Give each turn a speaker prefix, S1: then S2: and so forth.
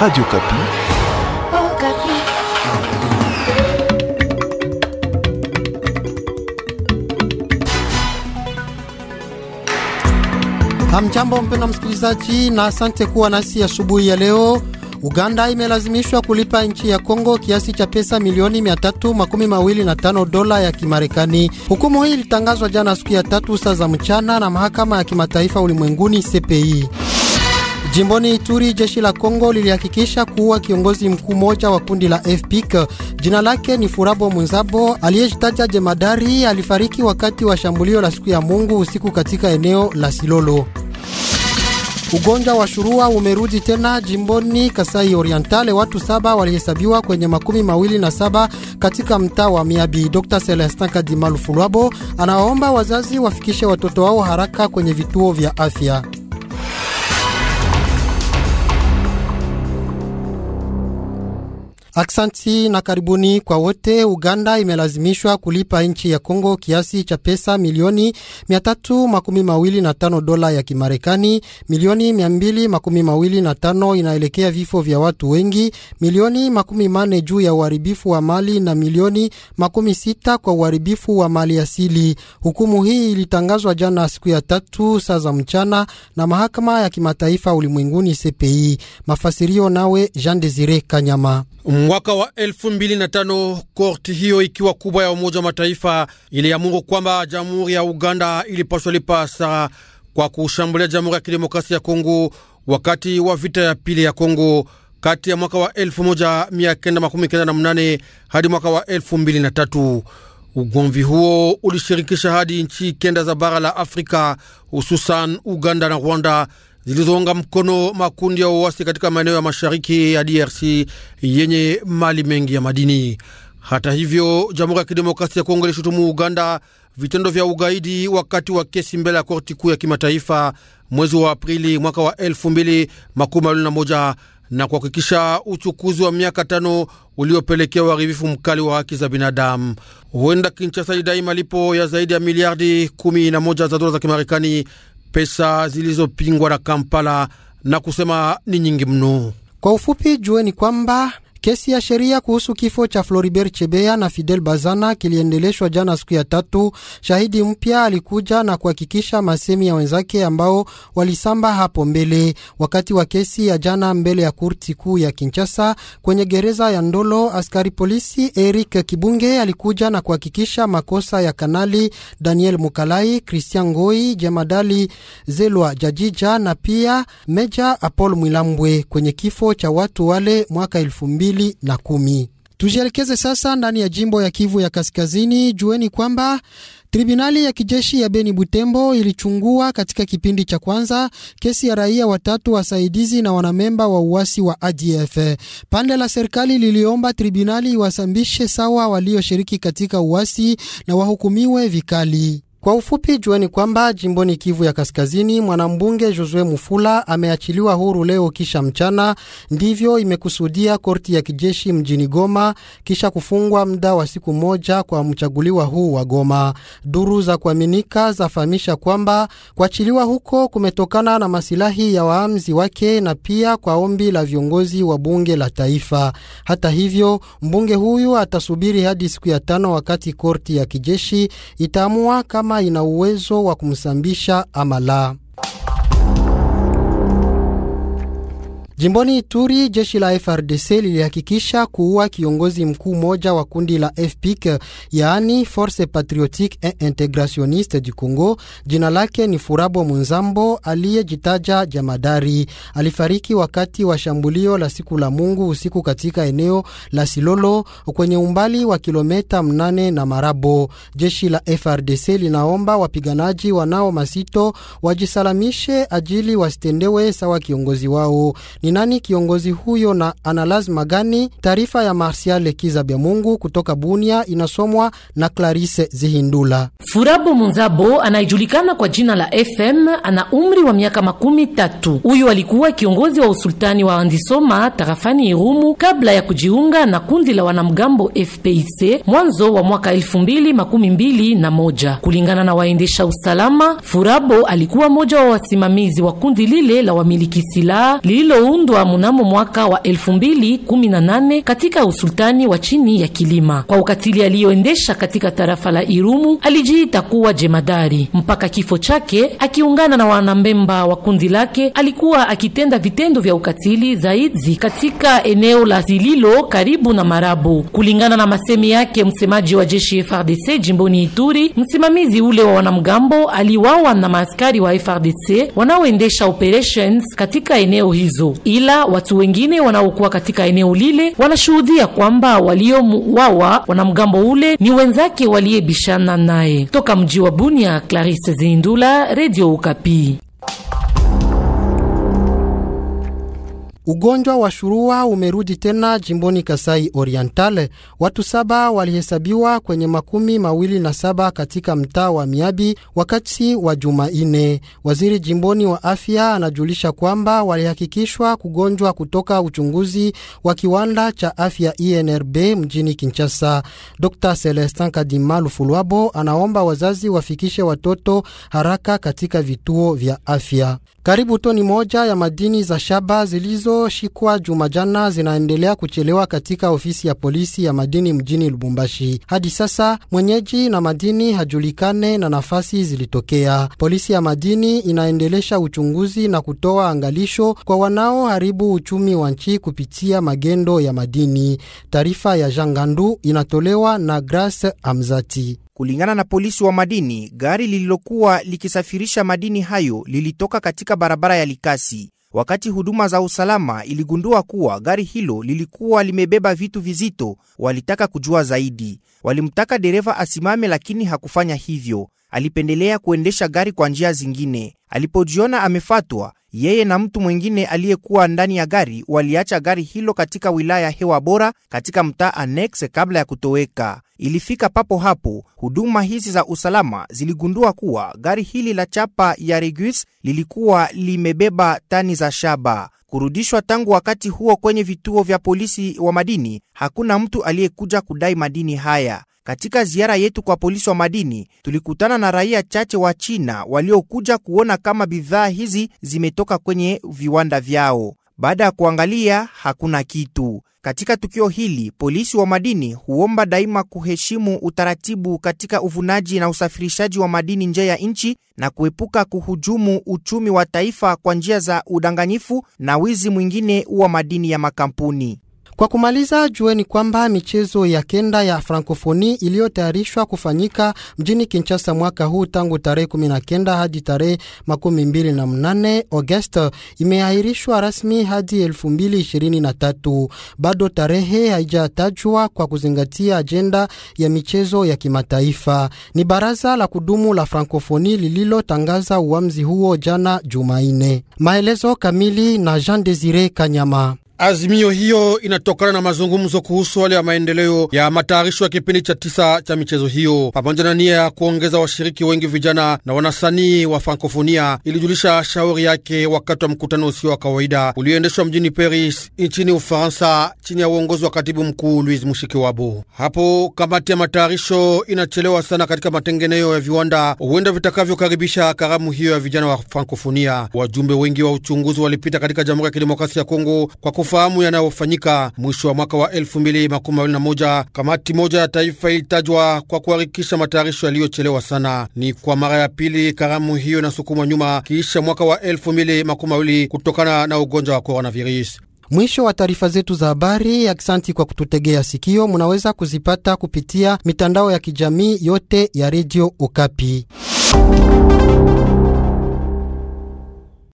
S1: Radio Kapi.
S2: Oh, Kapi.
S3: Hamjambo mpendwa msikilizaji na asante kuwa nasi asubuhi ya, ya leo. Uganda imelazimishwa kulipa nchi ya Kongo kiasi cha pesa milioni 325 dola ya Kimarekani. Hukumu hii ilitangazwa jana siku ya tatu saa za mchana na mahakama ya kimataifa ulimwenguni CPI. Jimboni Ituri, jeshi la Kongo lilihakikisha kuua kiongozi mkuu mmoja wa kundi la FPIC. Jina lake ni Furabo Munzabo aliyejitaja jemadari, alifariki wakati wa shambulio la siku ya Mungu usiku katika eneo la Silolo. Ugonjwa wa shurua umerudi tena jimboni Kasai Orientale. Watu saba walihesabiwa kwenye makumi mawili na saba katika mtaa wa Miabi. Dr Celestin Kadimalu Fulwabo anawaomba wazazi wafikishe watoto wao haraka kwenye vituo vya afya. Aksanti na karibuni kwa wote. Uganda imelazimishwa kulipa nchi ya Kongo kiasi cha pesa milioni 325 dola ya Kimarekani, milioni 225 inaelekea vifo vya watu wengi, milioni 40 juu ya uharibifu wa mali na milioni 60 kwa uharibifu wa mali asili. Hukumu hii ilitangazwa jana siku ya tatu saa za mchana na mahakama ya kimataifa ulimwenguni CPI. Mafasirio nawe Jean Desire Kanyama. Mwaka
S4: wa elfu mbili na tano korti hiyo ikiwa kubwa ya Umoja wa Mataifa iliamuru kwamba jamhuri ya Uganda ilipaswa lipa hasara kwa kushambulia Jamhuri ya Kidemokrasia ya Kongo wakati wa vita ya pili ya Kongo kati ya mwaka wa 1998 hadi mwaka wa 2003. Ugomvi huo ulishirikisha hadi nchi kenda za bara la Afrika, hususan Uganda na Rwanda zilizounga mkono makundi ya uasi katika maeneo ya mashariki ya DRC yenye mali mengi ya madini. Hata hivyo, Jamhuri ya Kidemokrasia ya Kongo ilishutumu Uganda vitendo vya ugaidi wakati wa kesi mbele ya korti kuu ya kimataifa mwezi wa Aprili mwaka wa 2021 na kuhakikisha uchukuzi wa miaka tano uliopelekea uharibifu mkali wa haki za binadamu. Huenda Kinshasa lidai malipo ya zaidi ya miliardi 11 za dola za Kimarekani pesa zilizopingwa na Kampala na kusema ni
S3: nyingi mno. Kwa ufupi, jueni kwamba Kesi ya sheria kuhusu kifo cha Floribert chebea na Fidel Bazana kiliendeleshwa jana siku ya tatu. Shahidi mpya alikuja na kuhakikisha masemi ya wenzake ambao walisamba hapo mbele. Wakati wa kesi ya jana mbele ya kurti kuu ya Kinshasa kwenye gereza ya Ndolo, askari polisi Eric Kibunge alikuja na kuhakikisha makosa ya kanali Daniel Mukalai, Christian Ngoi, Jemadali Zelwa Jajija na pia Meja Apol Mwilambwe kwenye kifo cha watu wale mwaka elfu mbili mbili na kumi. Tujielekeze sasa ndani ya jimbo ya Kivu ya Kaskazini. Jueni kwamba Tribunali ya kijeshi ya Beni Butembo ilichungua katika kipindi cha kwanza kesi ya raia watatu wasaidizi na wanamemba wa uasi wa ADF. Pande la serikali liliomba tribunali iwasambishe sawa walioshiriki katika uasi na wahukumiwe vikali. Kwa ufupi jueni kwamba jimboni Kivu ya Kaskazini, mwanambunge Josue Mufula ameachiliwa huru leo kisha mchana. Ndivyo imekusudia korti ya kijeshi mjini Goma kisha kufungwa muda wa siku moja kwa mchaguliwa huu wa Goma. Duru za kuaminika zafahamisha kwamba kuachiliwa huko kumetokana na masilahi ya waamzi wake na pia kwa ombi la viongozi wa bunge la taifa. Hata hivyo, mbunge huyu atasubiri hadi siku ya tano wakati korti ya kijeshi itaamua kama kama ina uwezo wa kumsambisha ama la. Jimboni Ituri, jeshi la FRDC lilihakikisha kuua kiongozi mkuu mmoja wa kundi la FPIC, yaani Force Patriotique et Integrationiste du Congo. Jina lake ni Furabo Munzambo aliyejitaja jamadari. Alifariki wakati wa shambulio la siku la Mungu usiku katika eneo la Silolo kwenye umbali wa kilometa mnane na Marabo. Jeshi la FRDC linaomba wapiganaji wanao masito wajisalamishe ajili wasitendewe sawa kiongozi wao ni nani kiongozi huyo na ana lazima gani? Taarifa ya Marsial Kizabya Mungu kutoka
S2: Bunia inasomwa na Clarisse Zihindula. Furabo Munzabo anayejulikana kwa jina la FM ana umri wa miaka makumi tatu. Huyu alikuwa kiongozi wa usultani wa Andisoma tarafani Irumu kabla ya kujiunga na kundi la wanamgambo FPIC mwanzo wa mwaka elfu mbili makumi mbili na moja. Kulingana na waendesha usalama, Furabo alikuwa moja wa wasimamizi wa kundi lile la wamiliki silaha lililo iliundwa mnamo mwaka wa 2018 katika usultani wa chini ya Kilima. Kwa ukatili aliyoendesha katika tarafa la Irumu, alijiita kuwa jemadari mpaka kifo chake. Akiungana na wanambemba wa kundi lake, alikuwa akitenda vitendo vya ukatili zaidi katika eneo la Zililo karibu na Marabu, kulingana na masemi yake msemaji wa jeshi frdc jimboni Ituri. Msimamizi ule wa wanamgambo aliwawa na maaskari wa frdc wanaoendesha operations katika eneo hizo ila watu wengine wanaokuwa katika eneo lile wanashuhudia kwamba waliomwawa wanamgambo ule ni wenzake waliyebishana naye. Toka mji wa Bunia, Clarisse Zindula, redio Ukapi.
S3: Ugonjwa wa shurua umerudi tena jimboni Kasai Oriental. Watu saba walihesabiwa kwenye makumi mawili na saba katika mtaa wa Miabi wakati wa Jumaine. Waziri jimboni wa afya anajulisha kwamba walihakikishwa kugonjwa kutoka uchunguzi wa kiwanda cha afya INRB mjini Kinshasa. Dr Celestin Kadima Lufulwabo anaomba wazazi wafikishe watoto haraka katika vituo vya afya. Karibu toni moja ya madini za shaba zilizo walioshikwa Jumajana zinaendelea kuchelewa katika ofisi ya polisi ya madini mjini Lubumbashi. Hadi sasa mwenyeji na madini hajulikane na nafasi zilitokea. Polisi ya madini inaendelesha uchunguzi na kutoa angalisho kwa wanaoharibu uchumi wa nchi kupitia magendo ya madini. Taarifa ya Jangandu inatolewa
S1: na Grace Amzati. Kulingana na polisi wa madini, gari lililokuwa likisafirisha madini hayo lilitoka katika barabara ya Likasi. Wakati huduma za usalama iligundua kuwa gari hilo lilikuwa limebeba vitu vizito, walitaka kujua zaidi. Walimtaka dereva asimame, lakini hakufanya hivyo. Alipendelea kuendesha gari kwa njia zingine. Alipojiona amefatwa, yeye na mtu mwingine aliyekuwa ndani ya gari waliacha gari hilo katika wilaya Hewa Bora katika mtaa Annex kabla ya kutoweka. Ilifika papo hapo, huduma hizi za usalama ziligundua kuwa gari hili la chapa ya Regus lilikuwa limebeba tani za shaba. Kurudishwa tangu wakati huo kwenye vituo vya polisi wa madini, hakuna mtu aliyekuja kudai madini haya. Katika ziara yetu kwa polisi wa madini, tulikutana na raia chache wa China waliokuja kuona kama bidhaa hizi zimetoka kwenye viwanda vyao. Baada ya kuangalia, hakuna kitu. Katika tukio hili, polisi wa madini huomba daima kuheshimu utaratibu katika uvunaji na usafirishaji wa madini nje ya nchi na kuepuka kuhujumu uchumi wa taifa kwa njia za udanganyifu na wizi mwingine wa madini ya makampuni. Kwa kumaliza, jueni kwamba michezo ya kenda ya
S3: Frankofoni iliyotayarishwa kufanyika mjini Kinshasa mwaka huu tangu tarehe 19 hadi tarehe 28 Agosti imeahirishwa rasmi hadi tatu. Bado tarehe haijatajwa kwa kuzingatia ajenda ya michezo ya kimataifa. Ni baraza la kudumu la Frankofoni lililotangaza uamuzi huo jana Jumanne. Maelezo kamili na Jean Desire Kanyama.
S4: Azimio hiyo inatokana na mazungumzo kuhusu hali ya maendeleo ya matayarisho ya kipindi cha tisa cha michezo hiyo, pamoja na nia ya kuongeza washiriki wengi vijana na wanasanii wa Frankofonia, ilijulisha shauri yake wakati wa mkutano usio wa kawaida ulioendeshwa mjini Paris nchini Ufaransa, chini ya uongozi wa katibu mkuu Louis Mushikiwabo. Hapo kamati ya matayarisho inachelewa sana katika matengenezo ya viwanda huenda vitakavyokaribisha karamu hiyo ya vijana wa Frankofonia. Wajumbe wengi wa uchunguzi walipita katika Jamhuri ya Kidemokrasia ya Kongo kwa kufahamu yanayofanyika. Mwisho wa mwaka wa 2021 kamati moja ya taifa ilitajwa kwa kuharikisha matayarisho yaliyochelewa sana. Ni kwa mara ya pili karamu hiyo inasukumwa nyuma kiisha mwaka wa 2020 kutokana na ugonjwa wa coronavirus.
S3: Mwisho wa taarifa zetu za habari. Aksanti kwa kututegea sikio. Munaweza kuzipata kupitia mitandao ya kijamii yote ya Redio Okapi.